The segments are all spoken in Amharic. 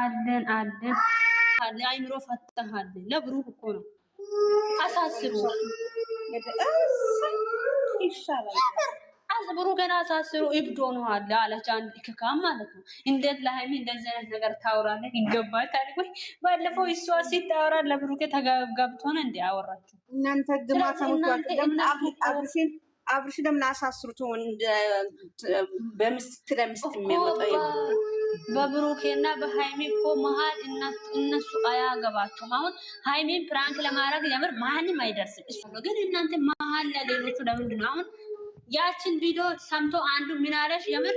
አለን አለን አይምሮ ፈታሃል። ለብሩህ እኮ ነው አሳስሩ አስብሩ ገና አሳስሩ እብድ ሆነዋል አለች። አንድ ክካም ማለት ነው። እንዴት ለሀይሚ እንደዚህ አይነት ነገር ታወራለህ? ይገባታል ወይ? ባለፈው እሷ ሲታወራ ለብሩኬ ተገብቶ ነው እንዲ አወራችሁ እናንተ ግማ ሰሙት አብርሽ ለምን አሳስሩት? በምስት ለምስት የሚያመጣው በብሩኬ እና በሃይሜ እኮ መሀል እነሱ አያገባቸውም። አሁን ሃይሜን ፕራንክ ለማድረግ የምር ማንም አይደርስም። እሱ ግን እናንተ መሀል ለሌሎቹ ለምንድን ነው አሁን ያችን ቪዲዮ ሰምቶ አንዱ ምን አለሽ? የምር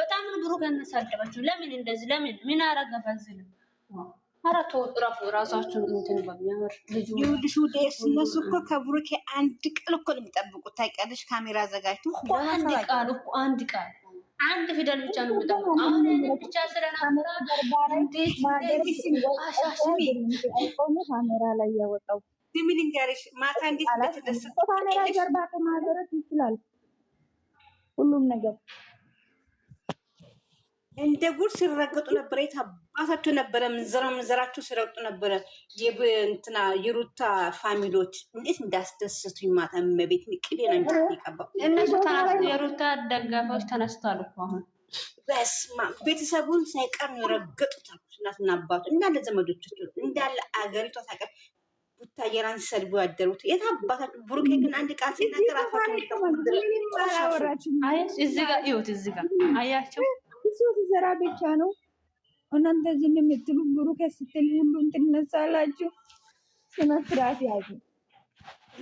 በጣም ብሩክ ያነሳደባችሁ ለምን እንደዚህ ለምን ምን አረገ በዚህ ኧረ ተው እረፉ። እራሳችሁን እንትን በሚያምር ልጁ እነሱ እኮ ከብሩኬ አንድ ቃል እኮ ነው የሚጠብቁት። ታውቂያለሽ፣ ካሜራ አዘጋጅቶ አንድ ቃል እኮ አንድ ቃል አንድ ፊደል ብቻ ነው የሚጠብቁት። አሁን ብቻ ካሜራ ላይ ያወጣው ምን ልንገርሽ፣ ማታ እንዴት ካሜራ ጀርባ ማድረግ ይችላል ሁሉም ነገር እንደ ጉድ ሲረገጡ ነበረ። የታባታቸው ነበረ ምንዘራ ምንዘራቸው ሲረግጡ ነበረ። እንትና የሩታ ፋሚሎች እንዴት እንዳስደሰቱኝ ማታ መቤት ቅቤ ነው የሚቀባ። እነሱ የሩታ ደጋፊዎች ተነስቷል እኮ አሁን በስማ ቤተሰቡን ሳይቀር ነው የረገጡት። እናትና አባቱ እንዳለ ዘመዶች እንዳለ አገሪቷ ሳይቀር ቡታየራን ሲሰድቡ ያደሩት የት አባታችሁ። ብሩኬ ግን አንድ ቃል ሲናገር አፋቸው እዚህ ጋር እዩት፣ እዚህ ጋር አያቸው እሱ ሲሰራ ብቻ ነው። እናንተ ዝም የምትሉ ብሩክ ስትል ሁሉም ትነሳላችሁ። ስነስርዓት ያዙ።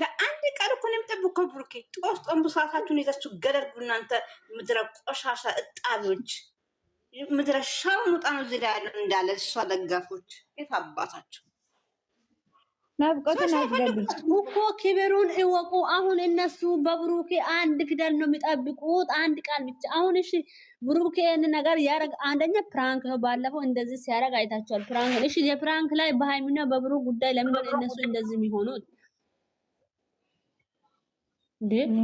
ለአንድ ቀን እኮ ነው የምጠብቀው። ብሩኬ ጦስ ጠንቡሳታችሁን ይዛችሁ ገደል ግቡ። እናንተ ምድረ ቆሻሻ እጣቢዎች፣ ምድረ ሸርሙጣ ነው ዝላ ላይ ያለው እንዳለ እሷ ደጋፎች የት አባታቸው ናፍቆትን አስገድል እኮ ክብሩን እወቁ። አሁን እነሱ በብሩኬ አንድ ፊደል ነው የሚጠብቁት፣ አንድ ቃል ብቻ። አሁን እሺ ብሩኬ ነገር ያረግ አንደኛ ፕራንክ ነው። ባለፈው እንደዚህ ሲያረግ አይታችኋል። ፕራንክ እሺ፣ የፕራንክ ላይ በሃይሚና በብሩ ጉዳይ ለምን እነሱ እንደዚህ የሚሆኑት?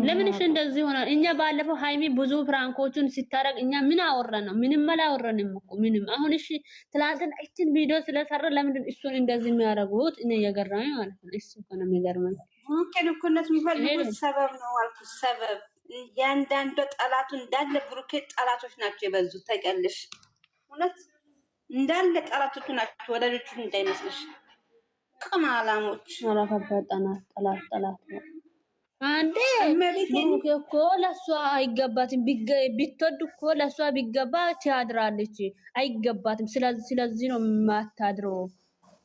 ለምንሽ እንደዚህ ሆነ? እኛ ባለፈው ሃይሚ ብዙ ፍራንኮቹን ሲታረቅ እኛ ምን አወራን ነው? ምንም አላወራንም እኮ ምንም። አሁን እሺ ትላንትና እችን ቪዲዮ ስለሰራ ለምንድን እሱን እንደዚህ የሚያደርጉት? እኔ የገረመኝ ማለት ነው። እሱ እኮ ነው የሚገርመኝ። ሙምኪን እኮ እነሱ ሰበብ ነው አልኩሽ። ሰበብ እያንዳንዱ ጠላቱ እንዳለ ብሩኬ ጠላቶች ናቸው የበዙ ተቀልሽ እውነት እንዳለ ጠላቶቹ ናቸው ወዳጆቹ እንዳይመስልሽ። ቅም አላሞች አላፈበጠናት ጠላት ጠላት ነው አንዴ ብሩክ እኮ ለሷ አይገባትም። ቢትወድ እኮ ለሷ ቢገባ ትያድራለች። አይገባትም። ስለዚህ ነው የማታድረው።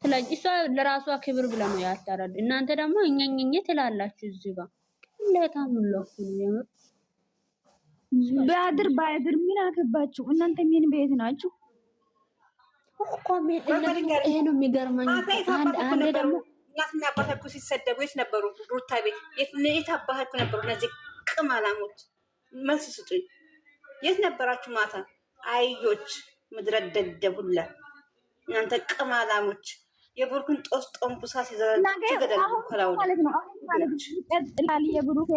ስለዚህ እሷ ለራሷ ክብር ብለ ነው ያታራል። እናንተ ደግሞ እኛኝኝ ትላላችሁ። እዚህ ጋር ለታም ለኩኝ የምር ባድር ምን አገባችሁ እናንተ? ምን ቤት ናችሁ እኮ ነው የሚገርመኝ አንድ ደግሞ እናትና አባታችሁ ሲሰደቡ የት ነበሩ? ሩታ ቤት የት አባታችሁ ነበሩ? እነዚህ ቅማላሞች መልስ ስጡኝ። የት ነበራችሁ? ማታ አይዮች ምድረ ደደቡላ እናንተ ቅማላሞች የብሩክን ጦስ ጦንቡሳ ሲዘገደልላል የብሩክ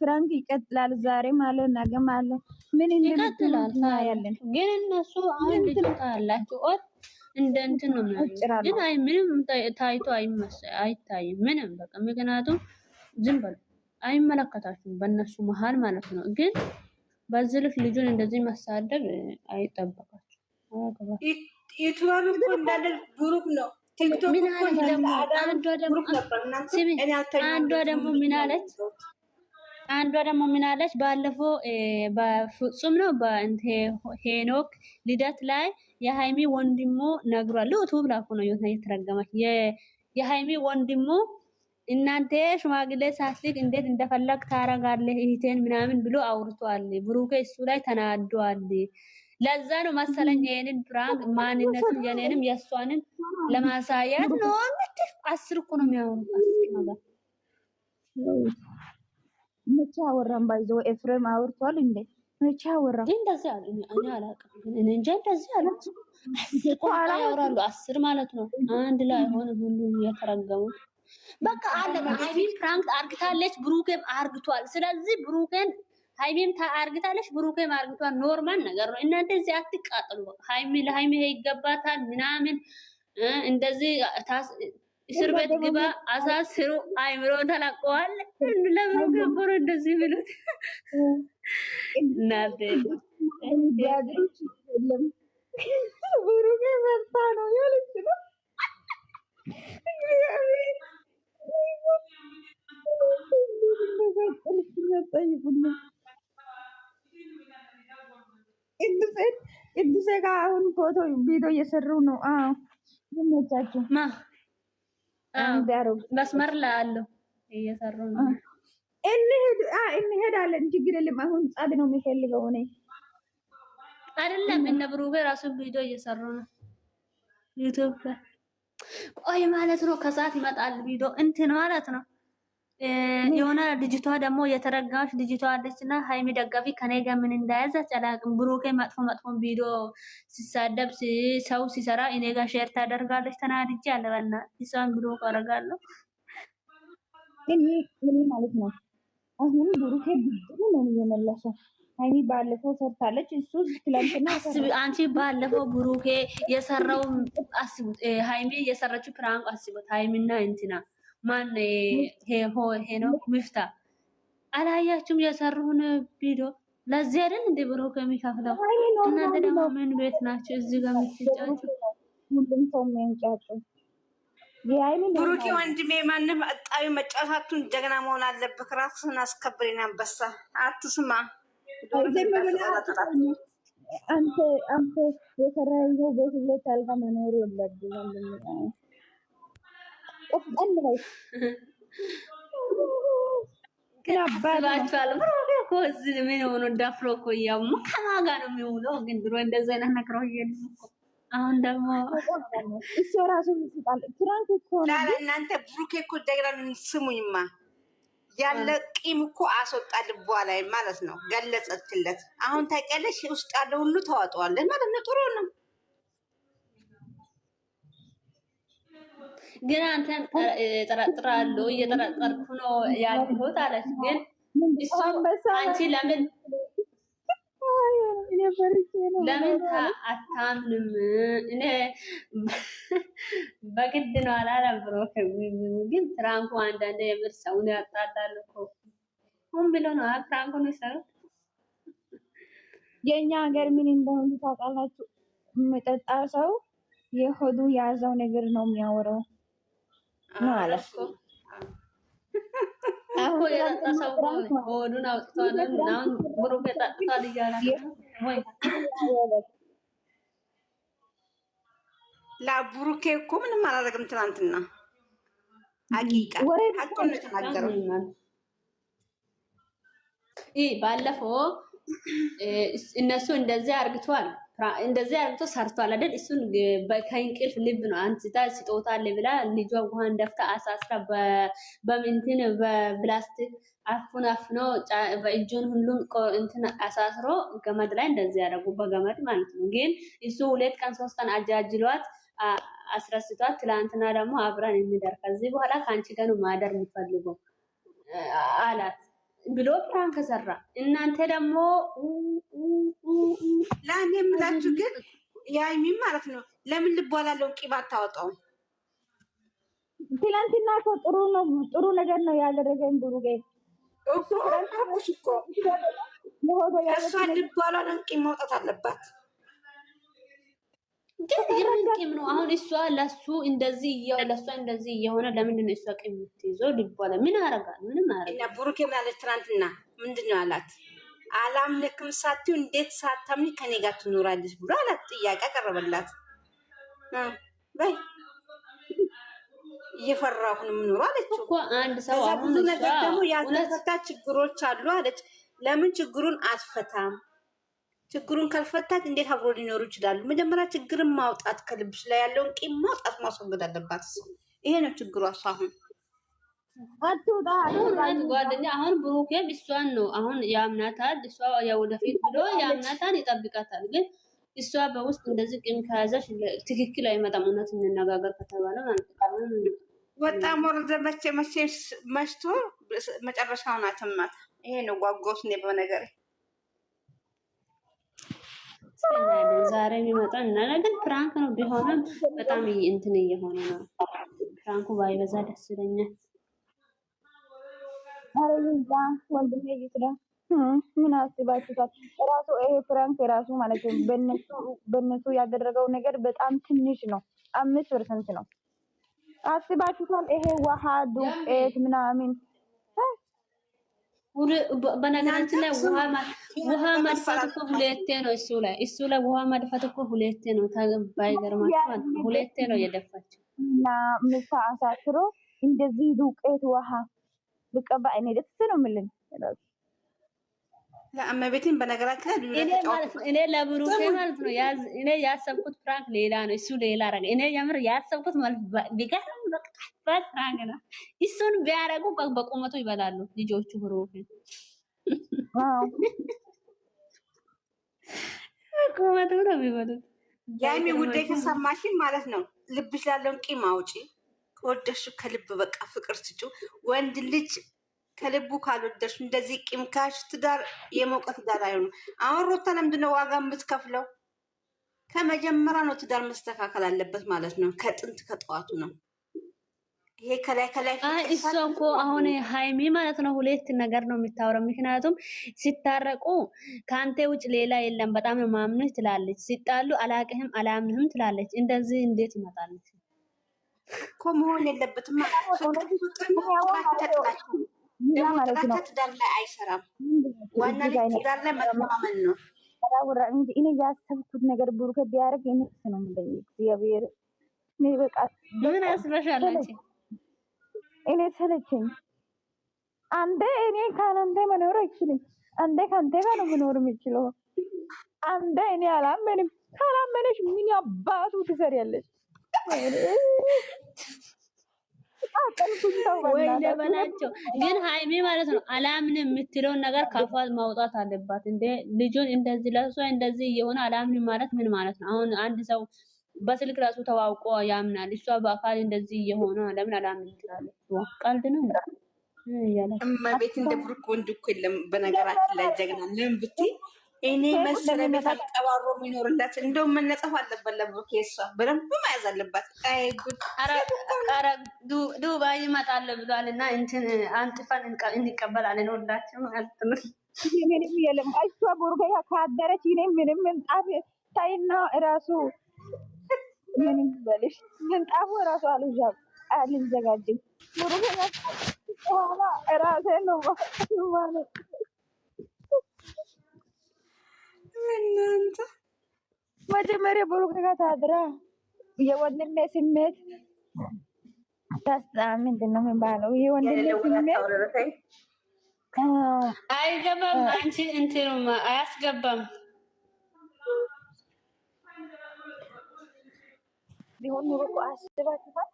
ፍራንክ ይቀጥላል። ዛሬ ማለ ነገ ማለት ምን ይቀጥላል? ያለን ግን እነሱ አሁን ልጅ አላቸው እንደ እንትን ነው የሚሆነው። ግን አይ ምንም ታይቶ አይታይም ምንም በቃ ምክንያቱም ዝም በሉ አይመለከታችሁም በእነሱ መሀል ማለት ነው። ግን በዚህ ልክ ልጁን እንደዚህ ማሳደብ አይጠበቃችሁ። ዩቱባን እኮ እንዳለ ብሩክ ነው። አንዷ ደግሞ ምን አለች? አንዷ ደግሞ ምን አለች? ባለፈው በፍጹም ነው ሄኖክ ልደት ላይ የሃይሚ ወንድሞ ነግሯል። ዩቱብ ላኩ ነው የተረገመች የሃይሚ ወንድሞ እናንተ ሽማግሌ ሳትልክ እንዴት እንደፈለግ ታረጋለህ እህቴን ምናምን ብሎ አውርቷል። ብሩኬ እሱ ላይ ተናዷል። ለዛ ነው መሰለኝ የኔን ፕራንክ ማንነቱን የኔንም የእሷንን ለማሳያት ነው። አስር እኮ ነው የሚያወሩት። መቼ አወራን? ባይዘው ኤፍሬም አውርቷል እንዴ መቼ አወራ? እንደዚህ አሉ። እኔ አላውቅም፣ እኔ እንጃ። እንደዚህ አሉ። አስር ቆጣ ያወራሉ። አስር ማለት ነው። አንድ ላይ ሆነ ሁሉም የተረገሙ በቃ አለ። ሃይሚን ፕራንክ አርግታለች፣ ብሩኬም አርግቷል። ስለዚህ ብሩኬን ሃይሚም አርግታለች፣ ብሩኬም አርግቷል። ኖርማል ነገር ነው። እናንተ እዚህ አትቃጥሉ። ሃይሚ ለሃይሚ ይገባታል ምናምን እንደዚህ እስር ቤት ግባ አሳስሩ አይምሮ ተላቀዋል። ለምን ገበሩ እንደዚህ ብሉት እናት ቅዱሴ ጋር አሁን ፎቶ ቪዲዮ እየሰሩ ነው። አዎ መስመር ላይ አለው እየሰሩ ነው። እንሄድ እንሄዳለን፣ ችግር የለም። አሁን ነው የሚፈልገው እኔ አይደለም። እነ ራሱ ቪዲዮ እየሰሩ ነው ቆይ ማለት ነው። ከሰዓት ይመጣል ቪዲዮ እንትን ማለት ነው የሆነ ልጅቷ ደግሞ የተረጋች ልጅቷ አለች እና ሀይሚ ደጋፊ ከኔ ጋር ምን እንዳያዛች አላቅም። ብሩኬ መጥፎ መጥፎን ቪዲዮ ሲሳደብ ሰው ሲሰራ እኔ ጋር ሼር ታደርጋለች። ተናድጄ አለበና እሷን ብሎክ አደርጋለሁ። ምን ማለት ነው? አሁን ብሩኬ ብድሩ ነው እየመለሰው ሀይሚ ባለፈው ሰርታለች። እሱ ትላንትና አንቺ ባለፈው ብሩኬ የሰራው አስቡት። ሀይሚ የሰራችው ፕራንክ አስቡት። ሀይሚና እንትና ማን ሄኖክ ሚፍታ አላያችሁም? የሰሩን ቪዲዮ ለዚህ አይደል እንደ ብሮ ከሚከፍለው እናንተ ደግሞ ምን ቤት ናቸው? እዚህ ጋር የምትጫጩ ሁሉም ሰው የሚያንጫጩ ብሩኪ ወንድሜ፣ ማንም እጣዊ መጫወታቱን ጀግና መሆን አለብህ። ራስህን አስከብሬን አንበሳ አትስማ። አንተ አንተ የሰራኸው ቤት አልጋ መኖር ወንድሜ ምን ሆኖ ዳፍሮ እኮ እያሙ ከማን ጋር ነው የሚውለው? ግን ድሮ እንደዚህ አይነት አሁን ደግሞ እሱ ራሱ ይስጣል። እኮ ነው እናንተ ብሩኬ እኮ ደግራ ስሙኝማ ያለ ቂም እኮ አስወጣ ልቧ ማለት ነው። ገለጸችለት። አሁን ታውቂያለሽ፣ ውስጥ ያለ ሁሉ ተዋጠዋለን ማለት ነው። ጥሩ ነው። ግን አንተን ጠረጥራለሁ እየጠረጠርኩ ነው ያልሁት አለች። ግን እሱ አንቺ ለምን ለምን አታምንም? እኔ በግድ ነው አላነበረው። ግን ፍራንኮ አንዳንድ የምር ሰውን ያጣላል እኮ ሁን ብሎ ነው ፍራንኮ ነው ይሰሩት። የእኛ ሀገር ምን እንደሆነ ታውቃላችሁ? መጠጣ ሰው የሆዱ የያዘው ነገር ነው የሚያወራው። ማለት ነው። አሁን የጠጣ ሰው ሆዱን አውጥቷል። አሁን ለብሩኬ እኮ ምንም አላደረግም። ትናንትና አቂቃ አቆነ ተናገረው። ይህ ባለፈው እነሱ እንደዚህ አርግቷል እንደዚህ አርግቶ ሰርቷል አይደል? እሱን ከእንቅልፍ ልብ ነው አንስታ ስጦታ አለ ብላ ልጇ ውሃን ደፍታ አሳስራ በምንትን በፕላስቲክ አፉን አፍኖ በእጁን ሁሉም እንትን አሳስሮ ገመድ ላይ እንደዚህ ያደረጉ በገመድ ማለት ነው። ግን እሱ ሁለት ቀን ሶስት ቀን አጃጅሏት አስረስቷት፣ ትላንትና ደግሞ አብረን እንደር ከዚህ በኋላ ከአንቺ ጋር ማደር የሚፈልገው አላት። ብሎ ፕራንክ ከሰራ እናንተ ደግሞ ለእኔ የምላችሁ ግን የሀይሚ ማለት ነው። ለምን ልቧላለውን ቂብ አታወጣውም? ትላንትና እኮ ጥሩ ነው ጥሩ ነገር ነው ያደረገኝ። ብሩጌ እሱ እሷ ልቧላለውን ቂብ ማውጣት አለባት። ግን የምን ነው አሁን? እሷ ለሱ እንደዚህ እያው እንደዚህ እየሆነ ለምንድን ነው እሷ የምትይዘው? ምን አረጋል? ምንም ብሩኬ ትናንትና? ምንድን ነው አላት? አላምልክም እንዴት ሳታምኝ ከኔ ጋር ትኖራለች ብሎ አላት። ጥያቄ አቀረበላት። በይ እየፈራሁ ነው የምኖረው እኮ አንድ ሰው። ብዙ ነገር ደግሞ ያልተፈታ ችግሮች አሉ አለች። ለምን ችግሩን አትፈታም? ችግሩን ካልፈታት እንዴት አብሮ ሊኖሩ ይችላሉ? መጀመሪያ ችግርን ማውጣት ከልብሽ ላይ ያለውን ቂም ማውጣት ማስወገድ አለባት። ይሄ ነው ችግሩ። እሱ አሁን ጓደኛ አሁን ብሩኬም እሷን ነው አሁን ያምናታል። እሷ የወደፊት ብሎ ያምናታል፣ ይጠብቃታል። ግን እሷ በውስጥ እንደዚህ ቂም ከያዘሽ ትክክል አይመጣም። እውነት እንነጋገር ከተባለ ማለት ነው ወጣም ወረደ መቼ መቼ መሽቶ መጨረሻውን አትማት። ይሄ ነው ጓጎስ ኔ በነገሬ ያለን ዛሬ የሚመጣ እና ግን ፕራንክ ነው ቢሆንም በጣም እንትን እየሆነ ነው። ፕራንኩ ባይበዛ ደስ ይለኛል። ወንድሜ ይስራ ምን ራሱ ይሄ ፕራንክ የራሱ ማለት ነው በነሱ ያደረገው ነገር በጣም ትንሽ ነው፣ አምስት ፐርሰንት ነው። አስባችሁታል? ይሄ ውሃ ዱቄት ምናምን በነገራችን ላይ ውሃ መድፋት እኮ ሁለቴ ነው። እሱ ላይ እሱ ላይ ውሃ መድፋት እኮ ሁለቴ ነው። ባይገርማቸዋል ሁለቴ ነው የደፋቸው ምሳ አሳስሮ እንደዚህ ዱቄት ውሃ ብቀባ እኔ ደስ ነው የምልኝ። ለአመቤቴን በነገራችን እኔ ለብሩኬ ማለት ነው እኔ ያሰብኩት ፍራንክ ሌላ ነው፣ እሱ ሌላ አረገ። እኔ የምር ያሰብኩት ማለት ቢገርም በቃባት ፍራንክ ነው። እሱን ቢያረጉ በቁመቱ ይበላሉ ልጆቹ ብሩኬ በቁመቱ ነው የሚበሉት። ያሚ ውዴ ሰማሽን ማለት ነው። ልብሽ ላለውን ቂም አውጪ። ከወደሽ ከልብ በቃ ፍቅር ስጩ ወንድ ልጅ ከልቡ ካልወደድሽ እንደዚህ ቂም ካሽ ትዳር የሞቀ ትዳር አይሆንም። አሁን ሮታ ለምንድነው ዋጋ የምትከፍለው? ከመጀመሪያ ነው ትዳር መስተካከል አለበት ማለት ነው። ከጥንት ከጠዋቱ ነው ይሄ ከላይ ከላይ እሷ እኮ አሁን ሀይሚ ማለት ነው ሁለት ነገር ነው የሚታወረው። ምክንያቱም ሲታረቁ ከአንተ ውጭ ሌላ የለም በጣም የማምንህ ትላለች። ሲጣሉ አላቅህም አላምንህም ትላለች። እንደዚህ እንዴት ይመጣለች እኮ መሆን የለበትም። ትዳር ላይ ነው። እኔ ያሰብኩት ነገር ብሩክ ቢያደርግ እኔ እሱ ነው የምልህ። እግዚአብሔር በቃ ምን ያስበሻል እኔ ሰለቸኝ። አንዴ እኔ ካላንተ መኖር አይችልም። አንዴ ካንተ ጋር ነው መኖር የሚችለው። አንዴ እኔ አላመንም። ካላመነሽ ምን አባቱ ትሰሪያለሽ? ወይ በላቸው ግን ሀይሜ ማለት ነው አላምን የምትለውን ነገር ካፏ ማውጣት አለባት። እንደ ልጁን እንደዚህ ለሷ እንደዚህ እየሆነ አላምንም ማለት ምን ማለት ነው? አሁን አንድ ሰው በስልክ ራሱ ተዋውቆ ያምናል። እሷ በአካል እንደዚህ እየሆነ ለምን አላምንም ትላለች? ቀልድ ነው እመቤት። እንደ ብሩክ ወንድ እኮ የለም በነገራችን ላይ ጀግና ለምን ብትይ እኔ መሰለ ቤት አቀባሮ የሚኖርላት እንደውም መነጠፍ አለበት። ለብሩክ የሷ በደንብ መያዝ አለባት። ዱባይ ይመጣል ብሏል እና እንትን አንጥፈን እንቀበላለን ሁላችን ማለት ነው። ምንም የለም እሷ ቡርጋ ካደረች እኔ ምንም ምንጣፍ ታይና ራሱ ምንም በልሽ ምንጣፉ ራሱ አልዛብ አልዘጋጅም ቡርጋ ራሴ ነው ማለት በእናንተ መጀመሪያ ብሩክ ጋር ታድራ የወንድሜ ስሜት ታስጣ ምንድን ነው የሚባለው? የወንድሜ ስሜት አይገባም። አንቺ እንትኑማ አያስገባም። ቢሆን ኑሮ አስባችኋል።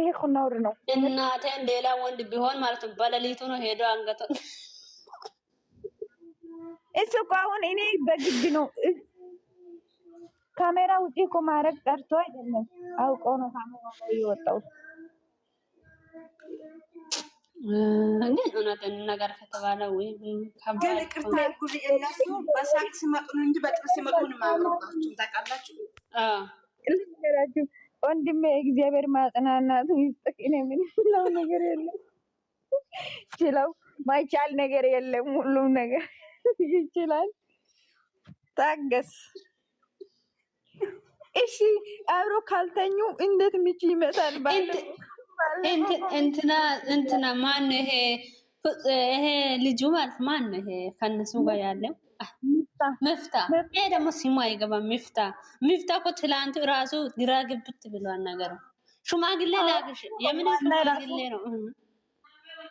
ይሄ እኮ ነውር ነው። እናቴን ሌላ ወንድ ቢሆን ማለት ነው በሌሊቱ ነው ሄደው አንገቷን እሱ እኮ አሁን እኔ በግድ ነው ካሜራ ውጪ እኮ ማድረግ ቀርቶ አይደለም፣ አውቆ ነው ካሜራ ላይ የወጣው። እንዴት እውነትን ነገር ወንድሜ እግዚአብሔር ማጽናናቱ ምን ነገር የለም ችለው ማይቻል ነገር የለም ሁሉም ነገር ይችላል። ታገስ። እሺ አብሮ ካልተኙ እንዴት ምች ይመጣል? እንትና እንትና ማን ይሄ ይሄ ልጁ ማለት ማን ነው? ይሄ ከነሱ ጋር ያለው ምፍታ። ይሄ ደግሞ ስሙ አይገባም። ምፍታ ምፍታ እኮ ትላንት ራሱ ግራ ግብት ብሏል ነገሩ። ሽማግሌ ላግሽ የምን ሽማግሌ ነው?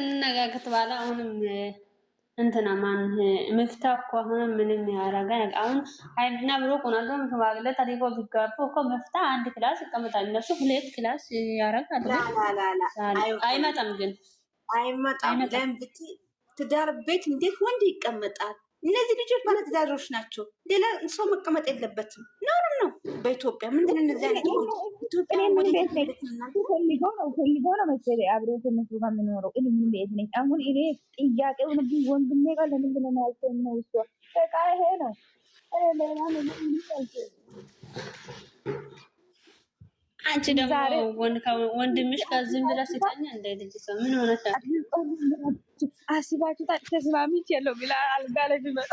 እንነጋገር በኋላ አሁንም እንትና ማን ምፍታ እኮ አሁንም ምንም ያደረገ አሁን ሀይልና ብሩክ ሆናሉ ተባግለ ታሪኮ ቢጋቡ እኮ መፍታ አንድ ክላስ ይቀመጣል። እነሱ ሁለት ክላስ ያደረጋሉ። አይመጣም ግን አይመጣም። ለምብቲ ትዳር ቤት እንዴት ወንድ ይቀመጣል? እነዚህ ልጆች ባለትዳሮች ናቸው። ሌላ ሰው መቀመጥ የለበትም ነው በኢትዮጵያ ምንድን ነው አይነት ኢትዮጵያ ነው መሰለኝ አብሮ ከነሱ ጋር የምኖረው እኔ ምን ቤት ነኝ አሁን እኔ ጥያቄ ሆነብኝ ወንድሜ ጋር ለምንድን ነው የማልሰኝ ነው እሷ በቃ ይሄ ነው ሌላ ነው አንቺ ደግሞ ወንድምሽ ከዝም ብላ ሲታኛ እንደ ልጅ ሰው ምን ሆነታ አስባችሁ ተስማሚች ያለው ብላ አልጋ ላይ ቢመጣ